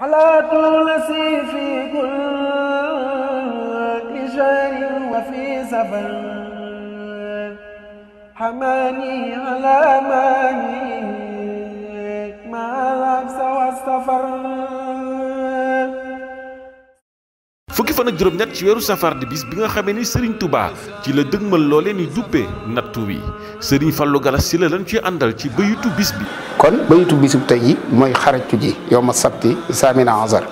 صلاة النسي في كل شهر وفي سفر حماني على ماني مع لبس والسفر fan ak juróom ñet ci wéru safar di bis bi nga xamé ni Serigne Touba ci la deugmal lolé ni duppé natou wi Serigne Fallou gala ci la lañ ci àndal ci bëyitu bis bi. kon bëyitu bisu tey yi mooy xarajtu ji yow ma sabti samina azar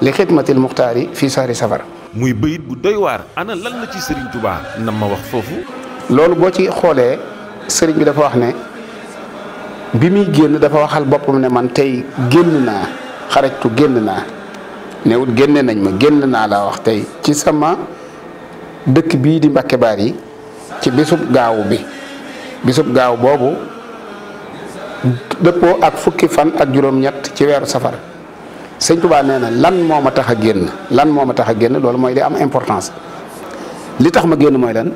li khidmatil muxtaari fi sahri safar. muy beuyit bu doy war ana lan la ci Serigne Touba nam ma wax fofu lolou bo ci xolé Serigne bi dafa wax ne bi mi génn dafa waxal bopam ne man tay génn naa xarajtu génn na newul génne nañ ma génn na la wax tay ci sama dëkk bi di Mbacke Bari ci bisub gaaw bi bisub gaaw bobu depo ak fukki fan ak juroom ñatt ci wéru safar seigne touba nee lan moma taxa génn lan moma taxa génn lool moy li am importance li tax ma génn moy lan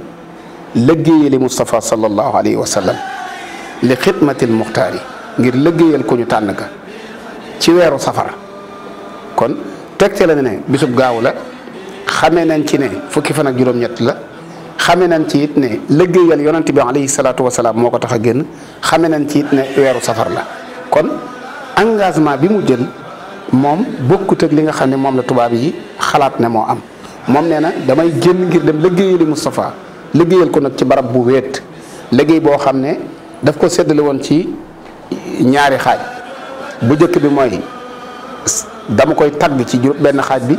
liggéeyali mustafa sallallahu alayhi wa sallam li khidmatil muxtaar ngir liggéeyal ko ñu tànn ka ci wéru safar kon tegte la ne bisub gaaw la xamee nañ ci ne fukki fan ak juróom-ñett la xamee nañ ci it ne liggéeyal yonent bi alayhi salaatu wasalaam moo ko tax a génn xamee nañ ci it ne weeru safar la kon engagement bi mu jël moom bokkut ak li nga xam ne la tubaab yi xalaat ne moo am moom nee damay génn ngir dem liggéeyali Moustapha liggéeyal ko nag ci barab bu wéet liggéey boo xam daf ko séddale woon ci ñaari xaaj bu njëkk bi mooy dama koy tagg ci benn xaaj bi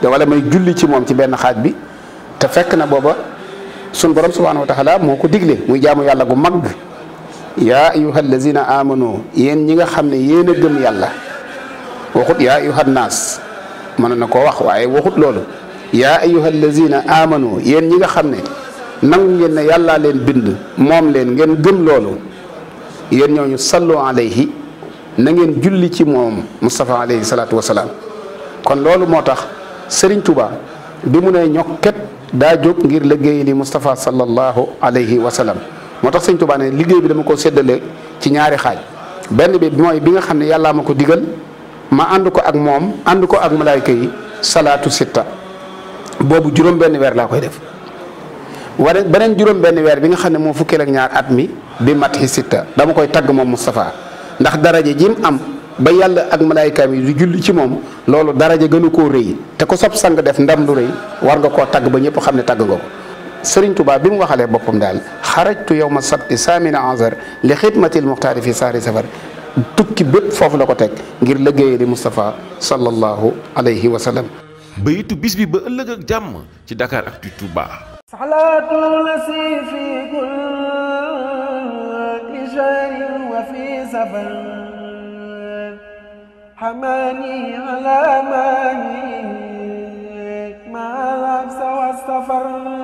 te may julli ci moom ci benn xaaj bi te fekk na booba sun borom subhanahu moo ko digle muy jaamu yàlla gu mag yaa ayuha allazina amanu yéen ñi nga xam ne yéen a gëm yàlla waxut mën na koo wax waaye waxut loolu yaa ayuha allazina yéen ñi nga xam ne nangu ngeen ne yàllaa leen bind moom leen ngeen gëm loolu yéen ñooñu sallu alayhi na ngeen julli ci moom Moustapha alayhi salaatu wa kon loolu moo tax sëriñ Touba bi mu ne ñokket daa jóg ngir liggéey li Moustapha sallallahu alayhi wa salaam moo tax Serigne Touba ne liggéey bi dama ko seddale ci ñaari xaaj benn bi mooy bi nga xam ne yàllaa ma ko diggal ma ànd ko ak moom ànd ko ak malaayka yi salaatu sitta boobu juróom benn weer laa koy def wane beneen juróom benn weer bi nga xam ne moo fukkeel ak ñaar at mi bi mat hi sitta dama koy tagg moom Moustapha. ndax daraja jim am ba yàlla ak malaaykaam yi du julli ci moom loolu daraja gënu koo rëy te ko sob sang def ndam lu rëy war nga koo tagg ba ñëpp xam ne tagg nga ko sëriñ Tuubaa bi mu waxalee boppam daal xarajtu yow ma sabti saamina azar li xidmatil muxtaari fi saari safar tukki bépp foofu la ko teg ngir liggéeye di Moustapha sallallahu alayhi wa sallam bayitu bis bi ba ëllëg ak jàmm ci Dakar Actu سفر حماني على ماني ما لبس واستفر